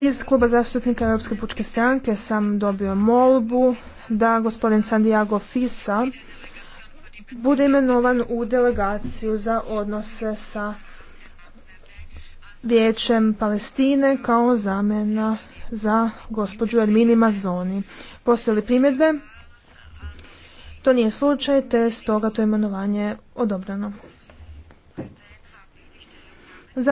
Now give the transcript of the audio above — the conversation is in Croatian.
Iz kluba zastupnika Europske pučke stranke sam dobio molbu da gospodin Santiago Fisa bude imenovan u delegaciju za odnose sa vijećem Palestine kao zamjena za gospođu Ermini Mazoni. Postoje li primjedbe? To nije slučaj, te stoga to imenovanje odobreno.